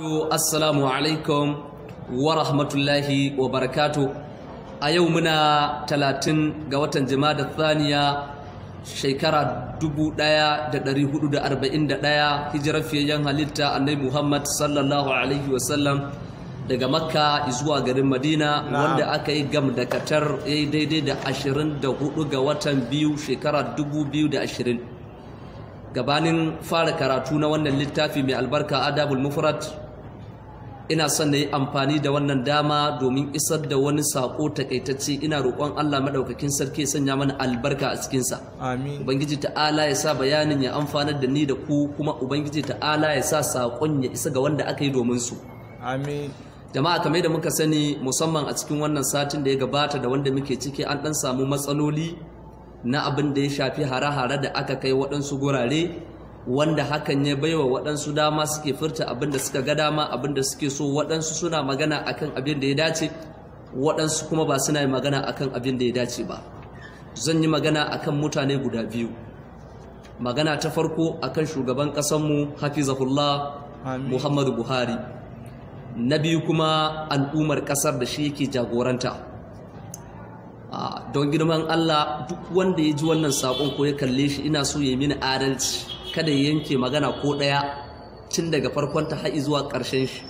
To assalamu alaikum wa rahmatullahi wa barakatu a yau muna talatin ga watan da thaniya shekara 1441 hijirar fiyayyen halitta annai muhammad sallallahu alaihi wasallam daga makka zuwa garin madina wanda aka yi gam da katar ya yi daidai da 24 ga watan biyu shekara 2020 gabanin fara karatu na wannan littafi mai albarka adabul mufrat ina son na yi amfani da wannan dama domin isar da wani sako takaitacce ina roƙon Allah madaukakin sarki sanya mana albarka a cikin sa amin ubangiji ta'ala ya sa bayanin ya amfanar da ni da ku kuma ubangiji ta'ala ya sa sakon ya isa ga wanda aka yi domin su jama'a kamar da muka sani musamman a cikin wannan satin da ya gabata da wanda muke ciki an ɗan samu matsaloli na abin da ya shafi hare-hare da aka kai waɗansu gurare wanda hakan ya baiwa waɗansu dama suke furta abinda suka ga dama abinda suke so waɗansu suna magana akan abin da ya dace waɗansu kuma ba suna magana akan abin da ya dace ba zan yi magana akan mutane guda biyu magana ta farko akan shugaban ƙasanmu hafizahullah muhammadu buhari na biyu kuma al'ummar ƙasar da shi yake jagoranta don girman allah duk wanda ya ji wannan saƙon ko ya kalle shi ina so ya yi mini adalci kada ya yanke magana ko ɗaya tun daga farkon ta haɗi zuwa ƙarshen shi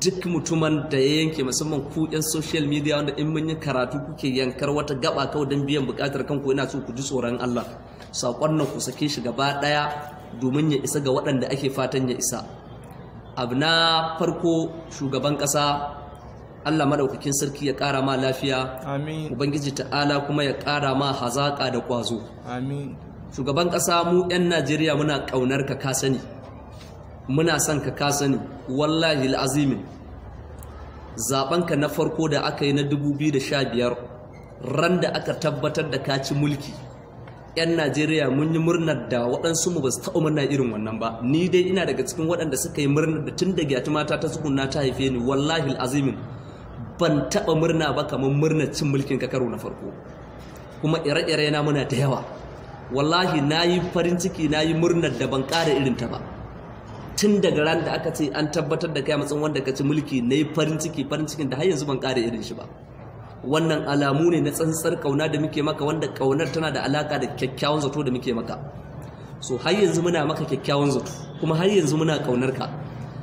duk mutumin da ya yanke musamman ku yan social media wanda in mun yi karatu kuke yankar wata gaba kawai don biyan buƙatar kanku yana so ku ji tsoron Allah saƙon nan ku sake shi gaba ɗaya domin ya isa ga waɗanda ake fatan ya isa abu na farko shugaban ƙasa Allah maɗaukakin sarki ya ƙara ma lafiya ubangiji ta'ala kuma ya ƙara ma hazaƙa da ƙwazo shugaban ƙasa mu 'yan najeriya muna ƙaunar ka ka sani muna son ka ka sani wallahi azimin zaɓenka na farko da aka yi na 2015 ran da aka tabbatar da ka ci mulki 'yan najeriya mun yi murnar da waɗansu mu ba su taɓa murna irin wannan ba ni dai ina daga cikin waɗanda suka yi murnar da tun daga gyati mata ta tsuguna ta haife ni wallahi azimin ban taɓa murna ba kamar murnar cin mulkin ka na farko kuma ire-ire na muna da yawa wallahi na yi farin ciki na yi murnar da ban ƙara irin ta ba tun daga ran da aka ce an tabbatar da kai matsayin wanda ka ci mulki na yi farin ciki farin cikin da har yanzu ban ƙara irin shi ba wannan alamu ne na tsantsar kauna da muke maka wanda kaunar tana da alaka da kyakkyawan zato da muke maka so har yanzu muna maka kyakkyawan zato kuma har yanzu muna kaunar ka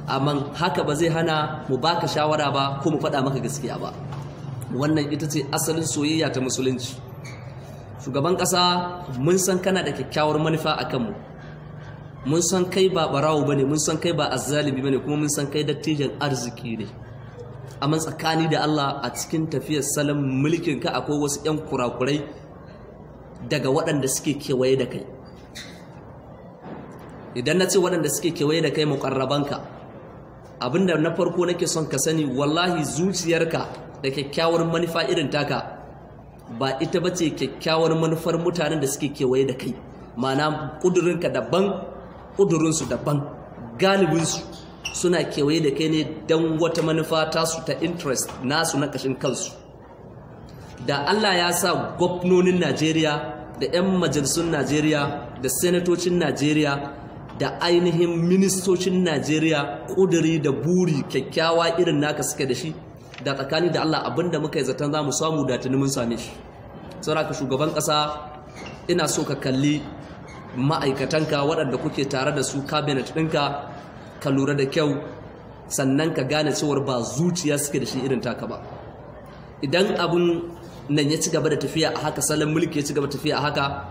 amma haka ba zai hana mu baka shawara ba ko mu faɗa maka gaskiya ba wannan ita ce asalin soyayya ta musulunci shugaban ƙasa mun san kana da kyakkyawar manufa a kanmu mun san kai ba barawo ba ne mun san kai ba zalibi ba ne kuma mun san kai dattijan arziki ne amma tsakani da Allah a cikin tafiyar salon mulkin ka akwai wasu 'yan kurakurai daga waɗanda suke kewaye da kai idan na ce waɗanda suke kewaye da kai muƙarrabanka abinda na farko nake son ka sani wallahi zuciyarka da kyakkyawar manufa irin taka ba ita ba ce kyakkyawar manufar mutanen da suke kewaye da kai ma'ana ƙudurinka daban ƙudurinsu daban galibinsu suna kewaye da kai ne don wata manufa tasu ta interest nasu na ƙashin kansu da allah ya sa gwamnonin najeriya da 'yan majalisun najeriya da senatocin najeriya da ainihin ministocin najeriya ƙuduri da buri kyakkyawa irin naka suke da shi da tsakani da Allah abinda muka yi zaton za mu samu da tuni mun same shi saboda shugaban ƙasa ina so ka kalli ma'aikatanka waɗanda kuke tare da su cabinet ɗinka ka lura da kyau sannan ka gane cewar ba zuciya suke da shi irin taka ba idan abun nan ya ci gaba da tafiya a haka salon mulki ya ci gaba tafiya a haka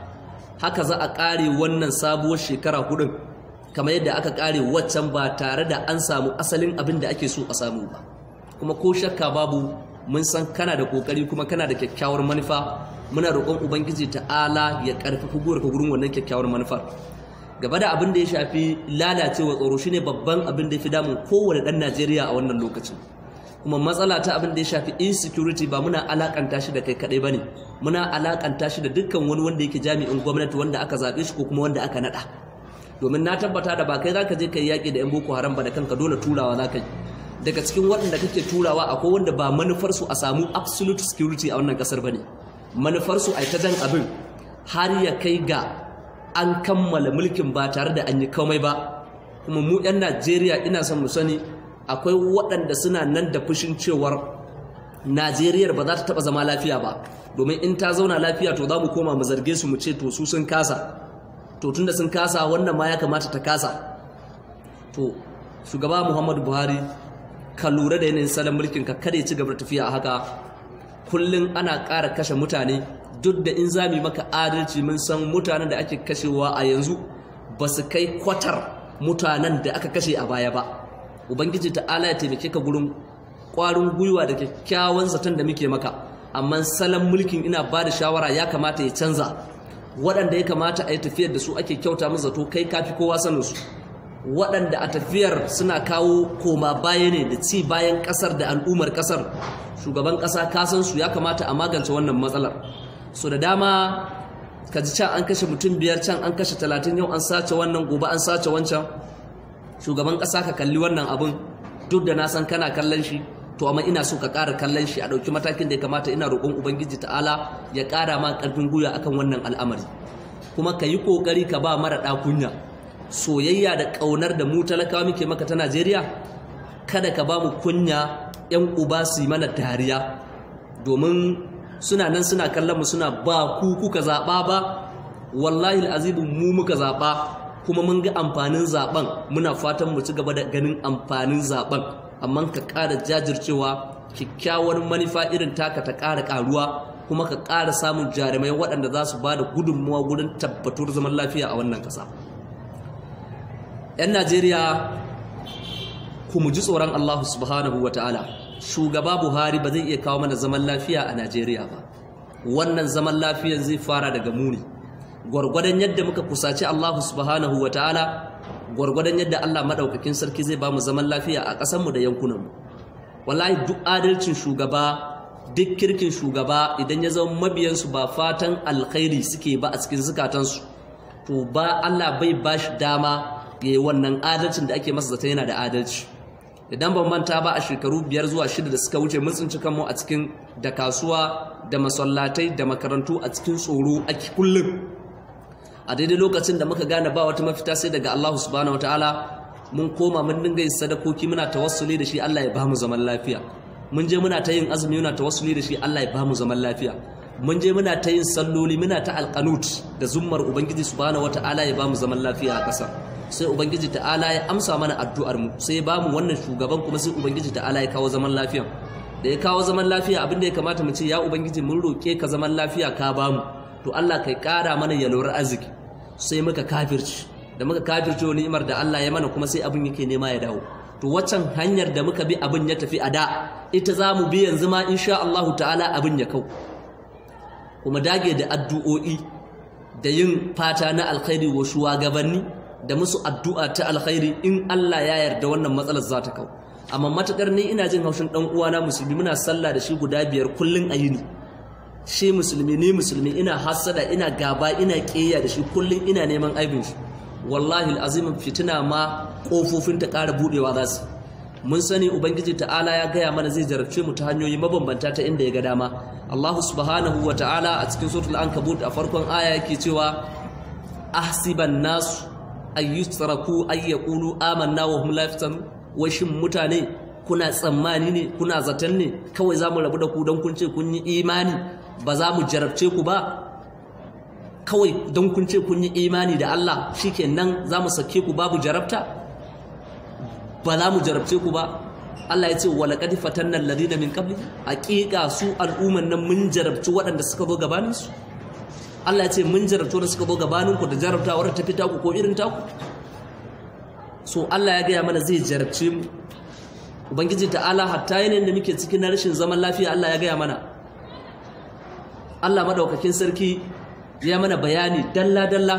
haka za a ƙare wannan sabuwar shekara hudun kamar yadda aka ƙare waccan ba tare da an samu asalin abin da ake so a samu ba kuma ko shakka babu mun san kana da kokari kuma kana da kyakkyawar manufa muna roƙon ubangiji ta'ala ya ƙarfafi ka gurin wannan kyakkyawar manufar gaba da abin da ya shafi lalacewa tsoro shine babban abin da ya fi damun kowane ɗan Najeriya a wannan lokacin kuma matsala ta abin da ya shafi insecurity ba muna alakanta shi da kai kaɗai ba ne muna alakanta shi da dukkan wani wanda yake jami'in gwamnati wanda aka zaɓe shi ko kuma wanda aka naɗa domin na tabbata da ba kai za ka je ka yi yaƙi da 'yan boko haram ba da kanka dole turawa za ka yi daga cikin waɗanda kake turawa akwai wanda ba manufarsu a samu absolute security a wannan ƙasar ba ne manufarsu a ta jan abin har ya kai ga an kammala mulkin ba tare da an yi komai ba kuma mu 'yan najeriya ina son mu sani akwai waɗanda suna nan da fushin cewar najeriyar ba za ta taɓa zama lafiya ba domin in ta zauna lafiya to za mu koma mu zarge su mu ce to su sun kasa to tunda sun kasa wannan ma ya kamata ta kasa to shugaba muhammadu buhari ka lura da yanayin salon mulkin ka kada ya ci gaba tafiya a haka kullum ana ƙara kashe mutane duk da in zami maka adalci mun san mutanen da ake kashewa a yanzu ba su kai kwatar mutanen da aka kashe a baya ba ubangiji ta'ala ya taimake ka gurin ƙwarin gwiwa da kyakkyawan zaton da muke maka amma salon mulkin ina ba da shawara ya kamata ya canza waɗanda ya kamata a yi tafiyar da su ake kyauta min zato kai kafi kowa sanin su waɗanda a tafiyar suna kawo koma baya ne da ci bayan ƙasar da al'ummar ƙasar shugaban ƙasa kasan su ya kamata a magance wannan matsalar so da dama ka ji can an kashe mutum biyar can an kashe talatin yau an sace wannan gobe an sace wancan shugaban ƙasa ka kalli wannan abun duk da na san kana kallon shi to amma ina so ka ƙara kallon shi a ɗauki matakin da ya kamata ina roƙon ubangiji ta'ala ya ƙara ma ƙarfin gwiwa akan wannan al'amari kuma ka yi ƙoƙari ka ba mara ɗakunya soyayya da ƙaunar da mu talakawa muke maka ta Najeriya kada ka ba mu kunya 'yan uba su mana dariya domin suna nan suna kallon mu suna ba ku kuka zaɓa ba wallahi alazibu mu muka zaɓa kuma mun ga amfanin zaɓen muna fatan mu ci gaba da ganin amfanin zaɓen amma ka ƙara jajircewa kyakkyawar manufa irin taka ta ƙara ƙaruwa kuma ka ƙara samun jarumai waɗanda za su ba da gudunmuwa gudun tabbatuwar zaman lafiya a wannan ƙasa. 'yan najeriya ku mu ji tsoron allahu subhanahu wa ta'ala shugaba buhari ba zai iya kawo mana zaman lafiya a najeriya ba wannan zaman lafiyan zai fara daga muni gwargwadon yadda muka kusaci allahu subhanahu wa ta'ala gwargwadon yadda allah maɗaukakin sarki zai ba mu zaman lafiya a ƙasanmu da yankunanmu wallahi duk adalcin shugaba duk kirkin shugaba idan ya zama mabiyansu ba fatan alkhairi suke ba a cikin zukatansu to ba Allah bai bashi dama ya yi wannan adalcin da ake masa zata yana da adalci idan ban manta ba a shekaru biyar zuwa shida da suka wuce mun tsinci kanmu a cikin da kasuwa da masallatai da makarantu a cikin tsoro ake kullum a daidai lokacin da muka gane ba wata mafita sai daga Allah subhanahu wataala mun koma mun dinga yin sadakoki muna tawassuli da shi Allah ya bamu zaman lafiya mun je muna ta yin azumi muna tawassuli da shi Allah ya bamu zaman lafiya mun je muna ta yin salloli muna ta alqanut da zummar ubangiji subhanahu wataala ya bamu zaman lafiya a ƙasar. sai ubangiji ta'ala ya amsa mana addu'ar mu sai ba mu wannan shugaban kuma sai ubangiji ta'ala ya kawo zaman lafiya da ya kawo zaman lafiya abin da ya kamata mu ce ya ubangiji mun roke ka zaman lafiya ka ba mu to Allah kai kara mana yalwar arziki sai muka kafirci da muka kafirce imar da Allah ya mana kuma sai abin yake nema ya dawo to waccan hanyar da muka bi abin ya tafi a da ita za mu bi yanzu ma insha Allah ta'ala abin ya kau kuma dage da addu'o'i da yin fata na alkhairi wa shugabanni da musu addu'a ta alkhairi in Allah ya yarda wannan matsalar za ta kawo. amma matakar ne ina jin haushin dan uwana musulmi muna sallah da shi guda biyar kullun a yini shi musulmi ni musulmi ina hasada ina gaba ina ƙeya da shi kullun ina neman aibin shi wallahi alazim fitina ma kofofin ta ƙara buɗewa za su mun sani ubangiji ta'ala ya gaya mana zai jarabce mu ta hanyoyi mabambanta ta inda ya ga dama Allahu subhanahu wa ta'ala a cikin suratul ankabut a farkon aya yake cewa ahsiban nasu ay yustraku ay yaqulu amanna wa hum la yaftanu wa shin mutane kuna tsammani ne kuna zaton ne kawai za mu rabu da ku don kun ce kun yi imani ba za mu jarabce ku ba kawai don kun ce kun yi imani da Allah shikenan za mu sake ku babu jarabta ba za mu jarabce ku ba Allah ya ce wa laqad fatanna alladhina min qabli haqiqa su al'umman nan mun jarabci waɗanda suka zo gabaninsu su Allah ya ce mun jarabta da suka zo gabanin ku da jarabtawar ta fita ku ko irin taku so Allah ya gaya mana zai jarabce mu ubangiji ta'ala hatta yanayin da muke cikin na rashin zaman lafiya Allah ya gaya mana Allah madaukakin sarki ya mana bayani dalla dalla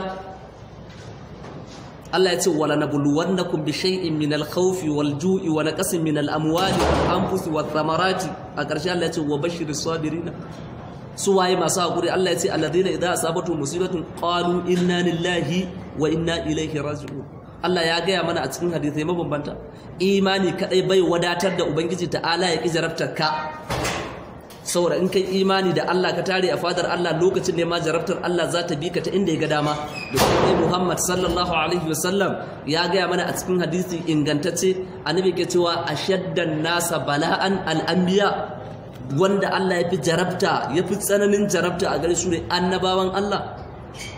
Allah ya ce wala nabluwannakum bi shay'in min al-khawfi wal-ju'i wa naqsin min al-amwali wal-anfusi wath-thamarati a ƙarshe Allah ya ce wa bashiris sabirin su waye masu haƙuri Allah ya ce alladina idza asabatu musibatun qalu inna lillahi wa inna ilaihi raji'un Allah ya gaya mana a cikin hadisai mabambanta imani kadai bai wadatar da ubangiji ta'ala ya ki ka saboda in kai imani da Allah ka tare a fadar Allah lokacin ne ma jarabtar Allah za ta bi ka ta inda ya ga dama da kuma Muhammad sallallahu alaihi wasallam ya gaya mana a cikin hadisi ingantacce annabi ke cewa ashaddan nasa bala'an al-anbiya wanda Allah ya fi jarabta ya fi tsananin jarabta a gare su ne annabawan Allah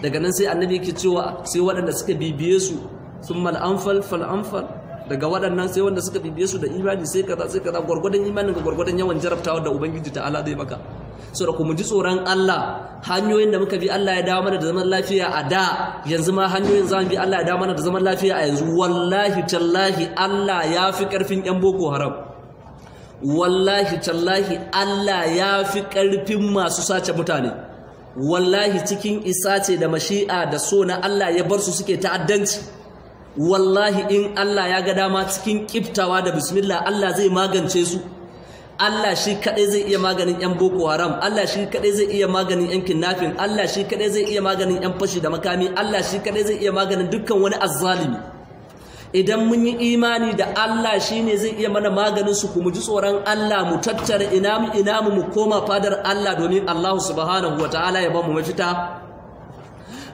daga nan sai annabi yake cewa sai waɗanda suka bibiye su sun mal'amfal fal'amfal daga waɗannan sai wanda suka bibiye su da imani sai kaza sai kaza gwargwadon imanin ga gwargwadon yawan jarabtawa da ubangiji ta Allah zai maka so da kuma ji tsoron Allah hanyoyin da muka bi Allah ya dawo mana da zaman lafiya a da yanzu ma hanyoyin zamu bi Allah ya dawo mana da zaman lafiya a yanzu wallahi tallahi Allah ya fi karfin yan boko haram wallahi tallahi Allah ya fi ƙarfin masu sace mutane wallahi cikin isa ce da mashi'a da so na Allah ya bar su suke ta'addanci wallahi in Allah ya ga dama cikin kiftawa da bismillah Allah zai magance su Allah shi kaɗai zai iya maganin 'yan Boko Haram, Allah shi kaɗai zai iya maganin 'yan kinnafin. Allah shi kaɗai zai iya maganin 'yan fashi da makami, Allah shi kaɗai zai iya maganin dukkan wani azzalimi. idan mun yi imani da Allah shi ne zai iya mana maganin su kuma ji tsoron Allah mu tattara ina mu ina mu mu koma fadar Allah domin Allah subhanahu wataala ya ba mu mafita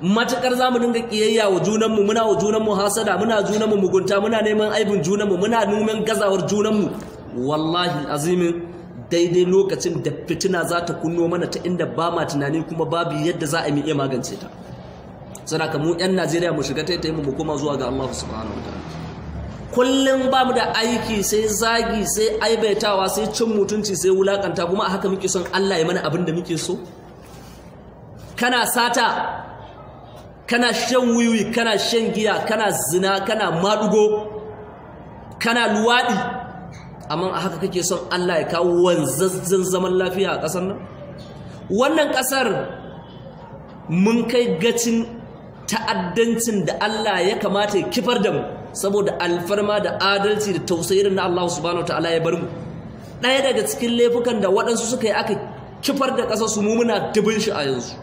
matakar za mu dinga kiyayya wa junanmu muna wa junanmu hasada muna junanmu mugunta muna neman aibin junanmu muna numen gazawar junanmu wallahi azimin daidai lokacin da fitina za ta kunno mana ta inda ba ma tunani kuma babu yadda za a iya magance ta sana kamu yan Najeriya mu shiga taita mu koma zuwa ga Allah subhanahu wataala kullum ba mu da aiki sai zagi sai aibaitawa sai cin mutunci sai wulakanta kuma a haka muke son Allah ya mana abin da muke so kana sata kana shan wiwi kana shan giya kana zina kana madugo kana luwaɗi amma a haka kake son Allah ya kawo wanzazzan zaman lafiya a ƙasar nan wannan ƙasar mun kai gacin ta'addancin da Allah ya kamata ya kifar da mu saboda alfarma da adalci da tausayin na Allah subhanahu wa ta'ala ya bar mu ɗaya daga cikin laifukan da waɗansu suka yi aka kifar da ƙasa su mumuna dubin shi a yanzu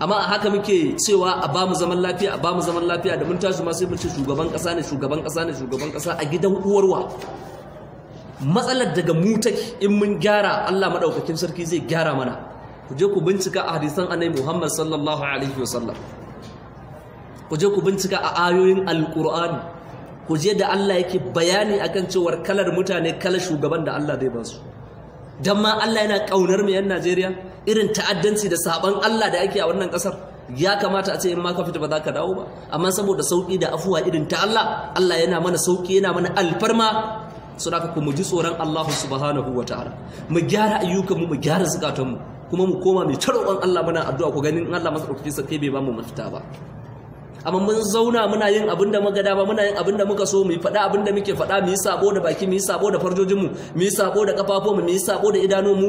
amma a haka muke cewa a ba mu zaman lafiya a ba mu zaman lafiya da mun tashi ma sai mu ce shugaban ƙasa ne shugaban ƙasa ne shugaban ƙasa a gidan uwarwa matsalar daga mu in mun gyara Allah madaukakin sarki zai gyara mana ku je ku bincika a hadisan annabi Muhammad sallallahu alaihi wasallam ku je ku bincika a ayoyin alqur'ani ku je da Allah yake bayani akan cewar kalar mutane kalar shugaban da Allah zai ba su dan ma Allah yana kaunar mu yan Najeriya irin ta'addanci da saban Allah da ake a wannan kasar ya kamata a ce in ma ka fita ba za ka dawo ba amma saboda sauki da afuwa irin ta Allah Allah yana mana sauki yana mana alfarma suna ka mu ji tsoron Allah subhanahu wa ta'ala mu gyara ayyukanmu mu gyara mu kuma mu koma mai taroƙon Allah muna addu'a ku ganin in Allah masu ɗauki sa bai ba mu mafita ba amma mun zauna muna yin abin da muka dama muna yin abin da muka so mu yi faɗa abin da muke faɗa mu yi sabo da baki mu yi sabo da farjojinmu mu yi sabo da kafafunmu mu mu yi sabo da idanunmu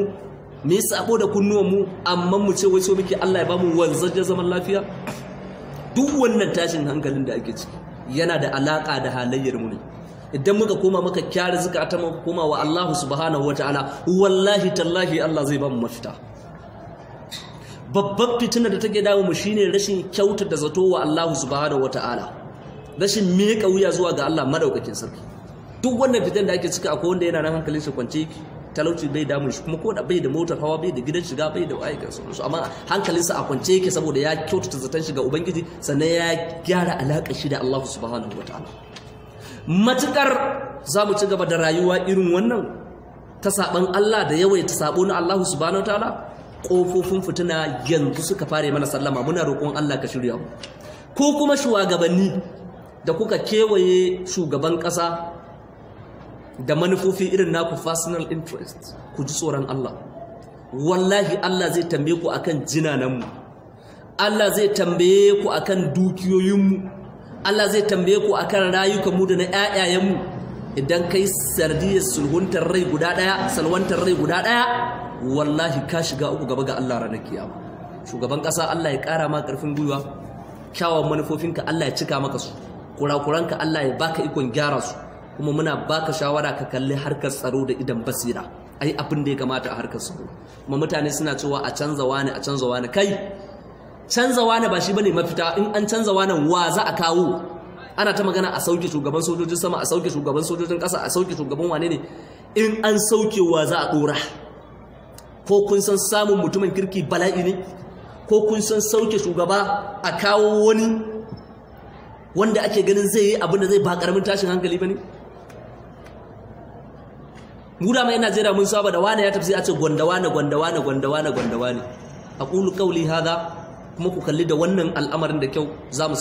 mu yi sabo da mu amma mu ce wacce muke Allah ya ba mu wanzar zaman lafiya duk wannan tashin hankalin da ake ciki yana da alaƙa da halayyar mu ne idan muka koma muka kyara ta mu koma wa Allah subhanahu ta'ala wallahi tallahi Allah zai ba mu mafita babbar fitina da take dawo mu shine rashin kyautar da zato wa Allah subhanahu wataala rashin miƙa wuya zuwa ga Allah madaukakin sarki duk wannan fitan da ake cika akwai wanda yana nan hankalin shi kwance talauci bai damun shi kuma ko da bai da motar hawa bai da gidan shiga bai da ayyukan su amma hankalinsa a kwance yake saboda ya kyautata zaton shi ga ubangiji sannan ya gyara alaƙar shi da Allah subhanahu wataala matukar za mu ci gaba da rayuwa irin wannan ta saban Allah da yawaita sabo na Allah subhanahu wataala Kofofin fitina yanzu suka fare mana sallama muna roƙon Allah ka shirya mu ko kuma shugabanni da kuka kewaye shugaban ƙasa da manufofi irin naku personal interest ku ji tsoron Allah wallahi Allah zai tambaye ku akan jinananmu Allah zai tambaye ku akan dukiyoyinmu Allah zai tambaye ku akan rayukanmu da na 'ya'yayenmu idan kai sardiyar sulhuntar rai guda daya salwantar rai guda ɗaya, wallahi ka shiga uku gaba ga Allah ranar kiyama shugaban kasa Allah ya kara ma karfin gwiwa kyawawan manufofinka Allah ya cika maka su kurakuranka Allah ya baka ikon gyara su kuma muna baka shawara ka kalli harkar tsaro da idan basira ai abin da ya kamata a harkar tsaro kuma mutane suna cewa a canza wani a canza wani kai canza wani ba shi bane mafita in an canza wani wa za a kawo ana ta magana a sauke shugaban sojojin sama a sauke shugaban sojojin ƙasa a sauke shugaban wane ne in an saukewa za a ɗora ko kun san samun mutumin kirki bala'i ne ko kun san sauke shugaba a kawo wani wanda ake ganin zai yi abin da zai ba ƙaramin tashin hankali ba ne mu da mai Najeriya mun saba da wane ya tafi sai a ce gwandawa na gwandawa na gwandawa na gwandawa ne aqulu qawli hadha kuma ku kalli da wannan al'amarin da kyau za mu